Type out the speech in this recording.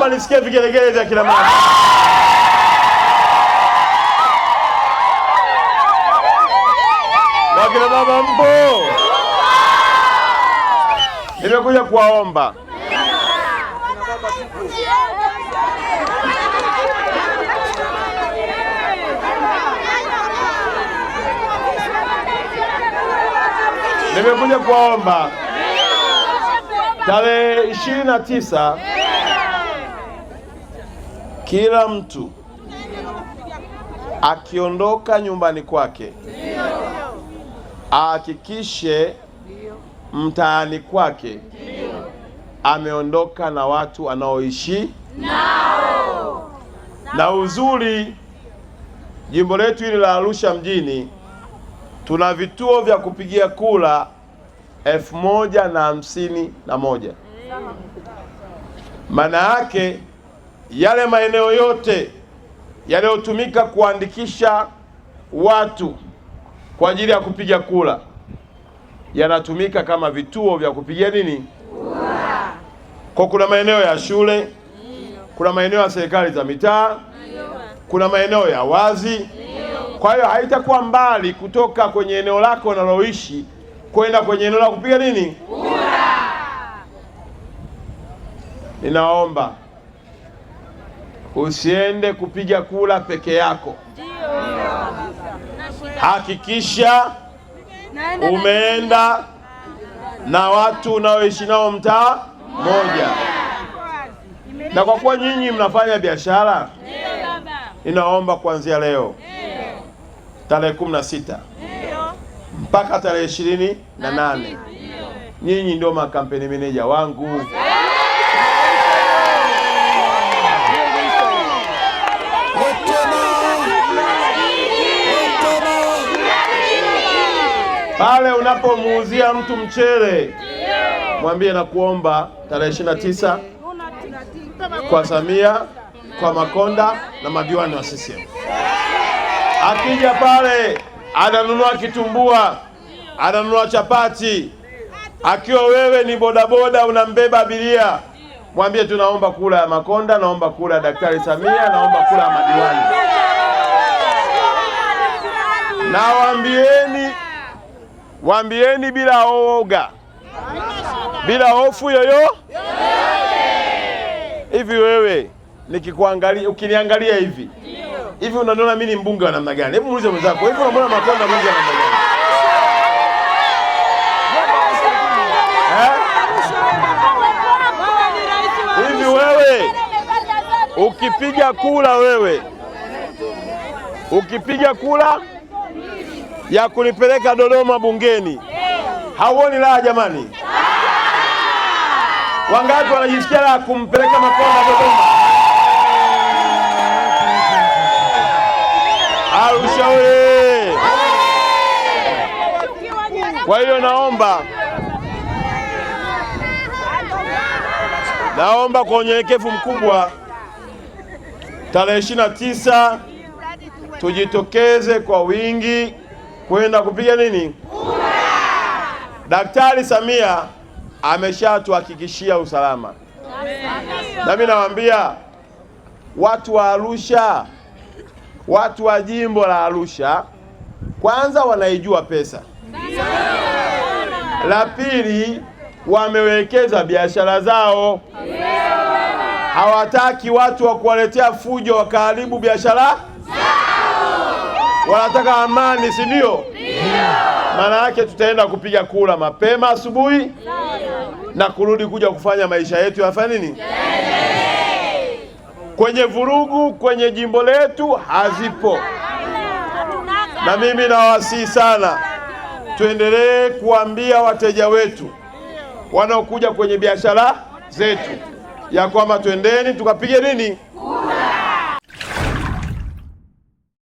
naomba nisikie vigelegele vya kina mama. Na kina mama mpo? Nimekuja kuwaomba nimekuja kuwaomba tarehe ishirini na tisa kila mtu akiondoka nyumbani kwake ahakikishe mtaani kwake ameondoka na watu anaoishi nao. Na uzuri jimbo letu hili la Arusha mjini tuna vituo vya kupigia kura elfu moja na hamsini na moja maana yake yale maeneo yote yanayotumika kuandikisha watu kwa ajili ya kupiga kura yanatumika kama vituo vya kupigia nini? Kwa kuna maeneo ya shule, kuna maeneo ya serikali za mitaa, kuna maeneo ya wazi. Kwa hiyo haitakuwa mbali kutoka kwenye eneo lako unaloishi kwenda kwenye eneo la kupiga nini? Kura. Ninaomba Usiende kupiga kura peke yako. Hakikisha umeenda na watu unaoishi nao mtaa moja, na kwa kuwa nyinyi mnafanya biashara, ninaomba kuanzia leo tarehe kumi na sita mpaka tarehe ishirini na nane nyinyi ndio makampeni meneja wangu. Pale unapomuuzia mtu mchele, mwambie na kuomba tarehe ishirini na tisa kwa Samia, kwa Makonda na madiwani wa CCM. Akija pale ananunua kitumbua, ananunua chapati, akiwa wewe ni bodaboda unambeba abiria, mwambie tunaomba kula ya Makonda, naomba kula ya Daktari Samia, naomba kula ya madiwani. Mwambieni bila oga, bila hofu yoyo. Hivi wewe nikikuangalia, ukiniangalia hivi hivi, unaona mimi ni mbunge wa namna gani? Hebu muulize mwenzako, hivi unaona Makonda mbunge wa namna gani? Eh? Hivi wewe ukipiga kula, wewe ukipiga kula ya kulipeleka Dodoma bungeni. Hauoni raha jamani? Wangapi wanajisikia raha kumpeleka Makonda Dodoma? Arushauri. Kwa hiyo naomba naomba kwa unyenyekevu mkubwa, tarehe ishirini na tisa tujitokeze kwa wingi kwenda kupiga nini kura. Daktari Samia ameshatuhakikishia usalama Amen. mimi nawaambia watu wa Arusha, watu wa jimbo la Arusha, kwanza wanaijua pesa, la pili wamewekeza biashara zao, hawataki watu wa kuwaletea fujo wakaharibu biashara wanataka amani, si ndio? Maana yake tutaenda kupiga kura mapema asubuhi na kurudi kuja kufanya maisha yetu yafanya nini kwenye vurugu kwenye jimbo letu hazipo. Na mimi nawasihi sana, tuendelee kuambia wateja wetu wanaokuja kwenye biashara zetu ya kwamba twendeni tukapige nini